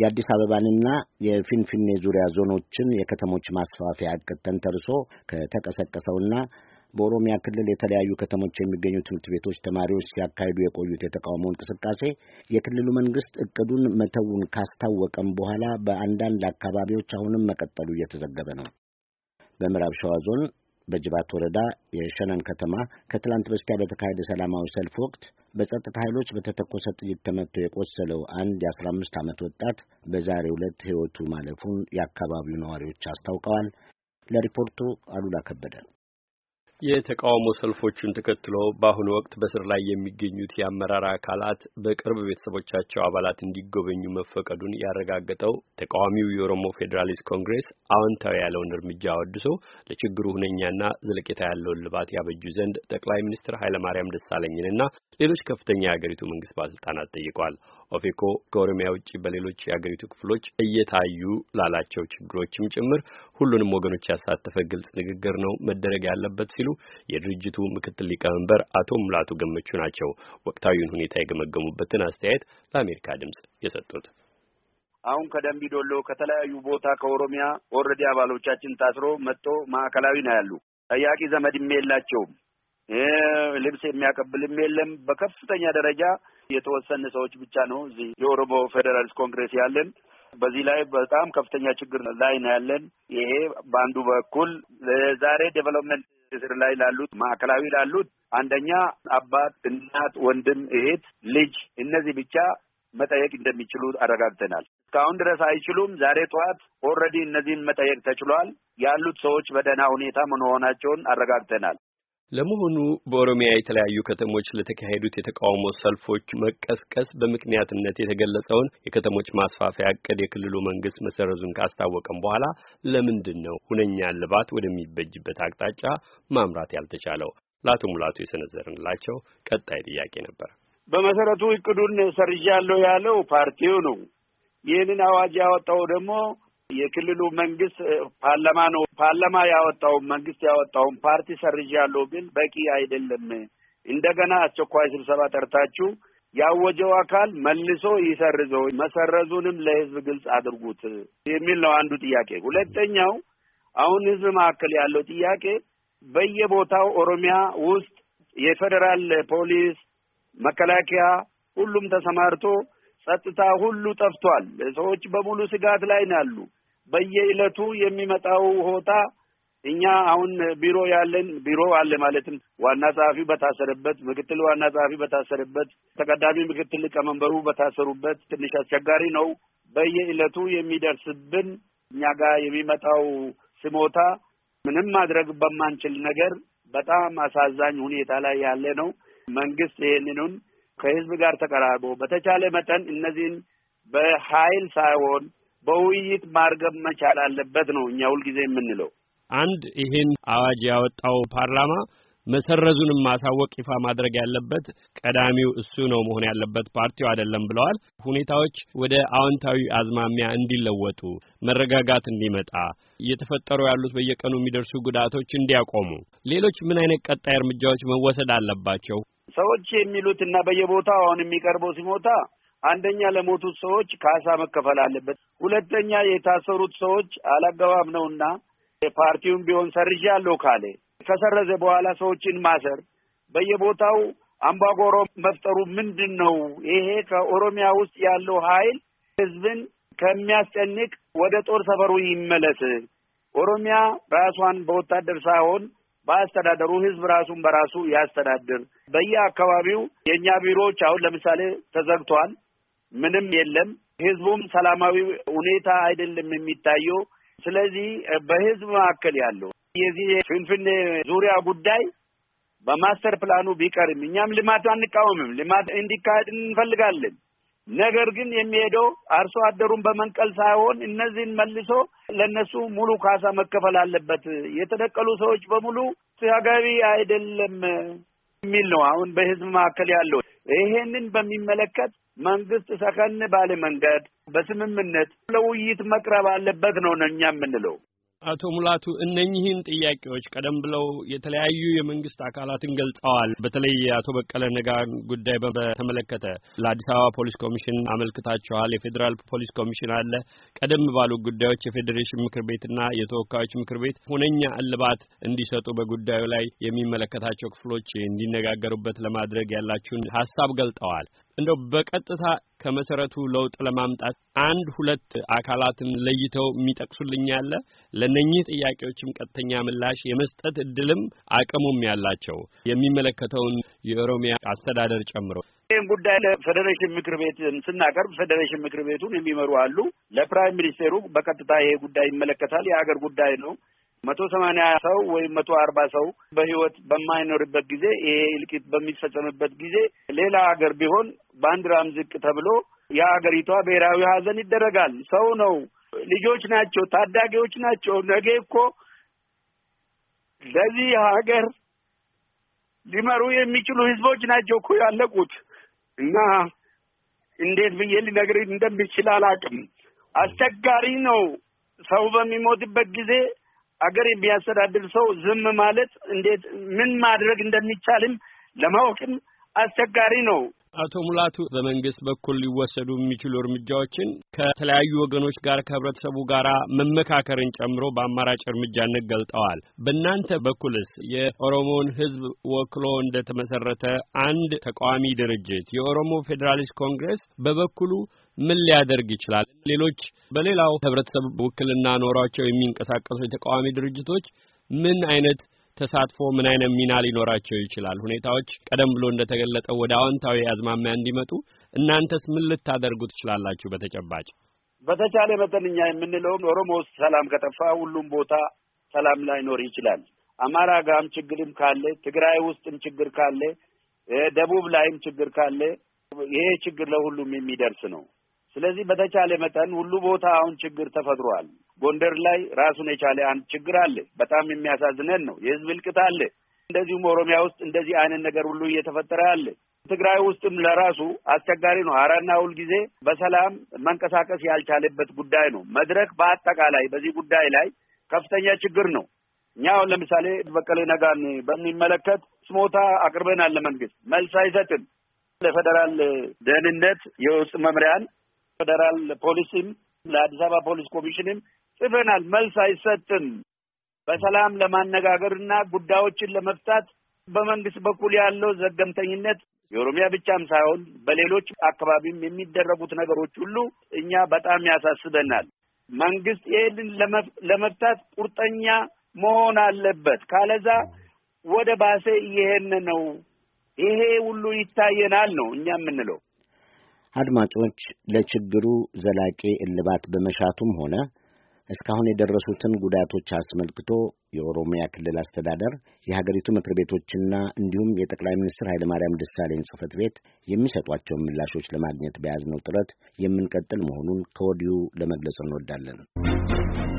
የአዲስ አበባንና የፊንፊኔ ዙሪያ ዞኖችን የከተሞች ማስፋፊያ እቅድ ተንተርሶ ከተቀሰቀሰውና በኦሮሚያ ክልል የተለያዩ ከተሞች የሚገኙ ትምህርት ቤቶች ተማሪዎች ሲያካሂዱ የቆዩት የተቃውሞ እንቅስቃሴ የክልሉ መንግስት እቅዱን መተውን ካስታወቀም በኋላ በአንዳንድ አካባቢዎች አሁንም መቀጠሉ እየተዘገበ ነው። በምዕራብ ሸዋ ዞን በጅባት ወረዳ የሸነን ከተማ ከትላንት በስቲያ በተካሄደ ሰላማዊ ሰልፍ ወቅት በጸጥታ ኃይሎች በተተኮሰ ጥይት ተመቶ የቆሰለው አንድ የአስራ አምስት ዓመት ወጣት በዛሬው ዕለት ሕይወቱ ማለፉን የአካባቢው ነዋሪዎች አስታውቀዋል። ለሪፖርቱ አሉላ ከበደ የተቃውሞ ሰልፎቹን ተከትሎ በአሁኑ ወቅት በስር ላይ የሚገኙት የአመራር አካላት በቅርብ ቤተሰቦቻቸው አባላት እንዲጎበኙ መፈቀዱን ያረጋገጠው ተቃዋሚው የኦሮሞ ፌዴራሊስት ኮንግሬስ አዎንታዊ ያለውን እርምጃ አወድሶ ለችግሩ ሁነኛና ዘለቄታ ያለውን ልባት ያበጁ ዘንድ ጠቅላይ ሚኒስትር ኃይለማርያም ደሳለኝንና ሌሎች ከፍተኛ የአገሪቱ መንግስት ባለስልጣናት ጠይቋል። ኦፌኮ ከኦሮሚያ ውጭ በሌሎች የአገሪቱ ክፍሎች እየታዩ ላላቸው ችግሮችም ጭምር ሁሉንም ወገኖች ያሳተፈ ግልጽ ንግግር ነው መደረግ ያለበት ሲሉ ሲሉ የድርጅቱ ምክትል ሊቀመንበር አቶ ሙላቱ ገመቹ ናቸው ወቅታዊውን ሁኔታ የገመገሙበትን አስተያየት ለአሜሪካ ድምጽ የሰጡት። አሁን ከደምቢ ዶሎ ከተለያዩ ቦታ ከኦሮሚያ ኦልሬዲ አባሎቻችን ታስሮ መጥቶ ማዕከላዊ ነው ያሉ። ጠያቂ ዘመድም የላቸውም። ልብስ የሚያቀብልም የለም። በከፍተኛ ደረጃ የተወሰኑ ሰዎች ብቻ ነው እዚህ የኦሮሞ ፌዴራልስ ኮንግሬስ ያለን በዚህ ላይ በጣም ከፍተኛ ችግር ላይ ነው ያለን። ይሄ በአንዱ በኩል ዛሬ ዴቨሎፕመንት ስር ላይ ላሉት ማዕከላዊ ላሉት አንደኛ አባት፣ እናት፣ ወንድም፣ እህት፣ ልጅ እነዚህ ብቻ መጠየቅ እንደሚችሉ አረጋግተናል። እስካሁን ድረስ አይችሉም። ዛሬ ጠዋት ኦልሬዲ እነዚህን መጠየቅ ተችሏል። ያሉት ሰዎች በደህና ሁኔታ መሆናቸውን አረጋግተናል። ለመሆኑ በኦሮሚያ የተለያዩ ከተሞች ለተካሄዱት የተቃውሞ ሰልፎች መቀስቀስ በምክንያትነት የተገለጸውን የከተሞች ማስፋፊያ እቅድ የክልሉ መንግስት መሰረዙን ካስታወቀም በኋላ ለምንድን ነው ሁነኛ ልባት ወደሚበጅበት አቅጣጫ ማምራት ያልተቻለው? ለአቶ ሙላቱ የሰነዘርንላቸው ቀጣይ ጥያቄ ነበር። በመሰረቱ እቅዱን ሰርዣለሁ ያለው ፓርቲው ነው። ይህንን አዋጅ ያወጣው ደግሞ የክልሉ መንግስት ፓርላማ ነው ፓርላማ ያወጣውን መንግስት ያወጣውን ፓርቲ ሰርዣለሁ፣ ግን በቂ አይደለም። እንደገና አስቸኳይ ስብሰባ ጠርታችሁ ያወጀው አካል መልሶ ይሰርዘው፣ መሰረዙንም ለህዝብ ግልጽ አድርጉት የሚል ነው አንዱ ጥያቄ። ሁለተኛው አሁን ህዝብ መካከል ያለው ጥያቄ በየቦታው ኦሮሚያ ውስጥ የፌዴራል ፖሊስ፣ መከላከያ ሁሉም ተሰማርቶ ጸጥታ ሁሉ ጠፍቷል። ሰዎች በሙሉ ስጋት ላይ ናሉ። በየዕለቱ የሚመጣው ሆታ እኛ አሁን ቢሮ ያለን ቢሮ አለ ማለትም ዋና ጸሐፊ በታሰረበት፣ ምክትል ዋና ጸሐፊ በታሰረበት፣ ተቀዳሚ ምክትል ሊቀመንበሩ በታሰሩበት ትንሽ አስቸጋሪ ነው። በየዕለቱ የሚደርስብን እኛ ጋር የሚመጣው ስሞታ ምንም ማድረግ በማንችል ነገር በጣም አሳዛኝ ሁኔታ ላይ ያለ ነው። መንግስት ይህንኑን ከህዝብ ጋር ተቀራርቦ በተቻለ መጠን እነዚህን በኃይል ሳይሆን በውይይት ማርገብ መቻል አለበት ነው እኛ ሁልጊዜ የምንለው። አንድ ይህን አዋጅ ያወጣው ፓርላማ መሰረዙንም ማሳወቅ ይፋ ማድረግ ያለበት ቀዳሚው እሱ ነው መሆን ያለበት ፓርቲው አይደለም ብለዋል። ሁኔታዎች ወደ አዎንታዊ አዝማሚያ እንዲለወጡ፣ መረጋጋት እንዲመጣ፣ እየተፈጠሩ ያሉት በየቀኑ የሚደርሱ ጉዳቶች እንዲያቆሙ ሌሎች ምን አይነት ቀጣይ እርምጃዎች መወሰድ አለባቸው? ሰዎች የሚሉት እና በየቦታው አሁን የሚቀርበው ሲሞታ አንደኛ ለሞቱት ሰዎች ካሳ መከፈል አለበት። ሁለተኛ የታሰሩት ሰዎች አላገባብ ነውና ፓርቲውን ቢሆን ሰርዣለሁ ካለ ከሰረዘ በኋላ ሰዎችን ማሰር በየቦታው አምባጓሮ መፍጠሩ ምንድን ነው? ይሄ ከኦሮሚያ ውስጥ ያለው ኃይል ህዝብን ከሚያስጨንቅ ወደ ጦር ሰፈሩ ይመለስ። ኦሮሚያ ራሷን በወታደር ሳይሆን በአስተዳደሩ ህዝብ ራሱን በራሱ ያስተዳድር። በየአካባቢው የእኛ ቢሮዎች አሁን ለምሳሌ ተዘግተዋል፣ ምንም የለም። ህዝቡም ሰላማዊ ሁኔታ አይደለም የሚታየው። ስለዚህ በህዝብ መካከል ያለው የዚህ ፍንፍኔ ዙሪያ ጉዳይ በማስተር ፕላኑ ቢቀርም እኛም ልማት አንቃወምም፣ ልማት እንዲካሄድ እንፈልጋለን። ነገር ግን የሚሄደው አርሶ አደሩን በመንቀል ሳይሆን እነዚህን መልሶ ለእነሱ ሙሉ ካሳ መከፈል አለበት። የተደቀሉ ሰዎች በሙሉ ተገቢ አይደለም የሚል ነው አሁን በህዝብ መካከል ያለው። ይሄንን በሚመለከት መንግስት ሰከን ባለ መንገድ በስምምነት ለውይይት መቅረብ አለበት ነው እኛ የምንለው። አቶ ሙላቱ እነኚህን ጥያቄዎች ቀደም ብለው የተለያዩ የመንግስት አካላትን ገልጸዋል። በተለይ የአቶ በቀለ ነጋን ጉዳይ በተመለከተ ለአዲስ አበባ ፖሊስ ኮሚሽን አመልክታቸዋል የፌዴራል ፖሊስ ኮሚሽን አለ። ቀደም ባሉ ጉዳዮች የፌዴሬሽን ምክር ቤትና የተወካዮች ምክር ቤት ሁነኛ እልባት እንዲሰጡ በጉዳዩ ላይ የሚመለከታቸው ክፍሎች እንዲነጋገሩበት ለማድረግ ያላችሁን ሀሳብ ገልጠዋል። እንደው በቀጥታ ከመሰረቱ ለውጥ ለማምጣት አንድ ሁለት አካላትን ለይተው የሚጠቅሱልኝ ያለ ለነኚህ ጥያቄዎችም ቀጥተኛ ምላሽ የመስጠት እድልም አቅሙም ያላቸው የሚመለከተውን የኦሮሚያ አስተዳደር ጨምሮ ይህን ጉዳይ ለፌዴሬሽን ምክር ቤት ስናቀርብ ፌዴሬሽን ምክር ቤቱን የሚመሩ አሉ። ለፕራይም ሚኒስቴሩ በቀጥታ ይሄ ጉዳይ ይመለከታል፣ የሀገር ጉዳይ ነው መቶ ሰማንያ ሰው ወይም መቶ አርባ ሰው በህይወት በማይኖርበት ጊዜ ይሄ እልቂት በሚፈጸምበት ጊዜ ሌላ ሀገር ቢሆን ባንዲራም ዝቅ ተብሎ የሀገሪቷ ብሔራዊ ሀዘን ይደረጋል። ሰው ነው፣ ልጆች ናቸው፣ ታዳጊዎች ናቸው። ነገ እኮ ለዚህ ሀገር ሊመሩ የሚችሉ ህዝቦች ናቸው እኮ ያለቁት እና እንዴት ብዬ ሊነግር እንደሚችል አላውቅም። አስቸጋሪ ነው። ሰው በሚሞትበት ጊዜ አገር የሚያስተዳድር ሰው ዝም ማለት እንዴት ምን ማድረግ እንደሚቻልም ለማወቅም አስቸጋሪ ነው። አቶ ሙላቱ በመንግስት በኩል ሊወሰዱ የሚችሉ እርምጃዎችን ከተለያዩ ወገኖች ጋር ከህብረተሰቡ ጋር መመካከርን ጨምሮ በአማራጭ እርምጃነት ገልጠዋል። በእናንተ በኩልስ የኦሮሞን ህዝብ ወክሎ እንደተመሰረተ አንድ ተቃዋሚ ድርጅት የኦሮሞ ፌዴራሊስት ኮንግረስ በበኩሉ ምን ሊያደርግ ይችላል? ሌሎች በሌላው ህብረተሰብ ውክልና ኖሯቸው የሚንቀሳቀሱ የተቃዋሚ ድርጅቶች ምን አይነት ተሳትፎ ምን አይነት ሚና ሊኖራቸው ይችላል? ሁኔታዎች ቀደም ብሎ እንደተገለጠው ወደ አዎንታዊ አዝማሚያ እንዲመጡ እናንተስ ምን ልታደርጉ ትችላላችሁ? በተጨባጭ በተቻለ መጠን እኛ የምንለውም ኦሮሞ ውስጥ ሰላም ከጠፋ ሁሉም ቦታ ሰላም ላይኖር ይችላል። አማራ ጋም ችግርም ካለ፣ ትግራይ ውስጥም ችግር ካለ፣ ደቡብ ላይም ችግር ካለ ይሄ ችግር ለሁሉም የሚደርስ ነው። ስለዚህ በተቻለ መጠን ሁሉ ቦታ አሁን ችግር ተፈጥሯል። ጎንደር ላይ ራሱን የቻለ አንድ ችግር አለ። በጣም የሚያሳዝነን ነው። የህዝብ እልቅት አለ። እንደዚሁም ኦሮሚያ ውስጥ እንደዚህ አይነት ነገር ሁሉ እየተፈጠረ አለ። ትግራይ ውስጥም ለራሱ አስቸጋሪ ነው። ሀረና ሁልጊዜ በሰላም መንቀሳቀስ ያልቻለበት ጉዳይ ነው። መድረክ በአጠቃላይ በዚህ ጉዳይ ላይ ከፍተኛ ችግር ነው። እኛ አሁን ለምሳሌ በቀለ ነጋን በሚመለከት ስሞታ አቅርበናል። ለመንግስት መልስ አይሰጥም። ለፌደራል ደህንነት የውስጥ መምሪያን ፌዴራል ፖሊስም ለአዲስ አበባ ፖሊስ ኮሚሽንም ጽፈናል። መልስ አይሰጥም። በሰላም ለማነጋገርና ጉዳዮችን ለመፍታት በመንግስት በኩል ያለው ዘገምተኝነት የኦሮሚያ ብቻም ሳይሆን በሌሎች አካባቢም የሚደረጉት ነገሮች ሁሉ እኛ በጣም ያሳስበናል። መንግስት ይህንን ለመፍታት ቁርጠኛ መሆን አለበት። ካለዛ ወደ ባሴ እየሄድን ነው። ይሄ ሁሉ ይታየናል ነው እኛ የምንለው። አድማጮች ለችግሩ ዘላቂ እልባት በመሻቱም ሆነ እስካሁን የደረሱትን ጉዳቶች አስመልክቶ የኦሮሚያ ክልል አስተዳደር የሀገሪቱ ምክር ቤቶችና እንዲሁም የጠቅላይ ሚኒስትር ኃይለማርያም ደሳለኝ ጽህፈት ቤት የሚሰጧቸውን ምላሾች ለማግኘት በያዝነው ጥረት የምንቀጥል መሆኑን ከወዲሁ ለመግለጽ እንወዳለን።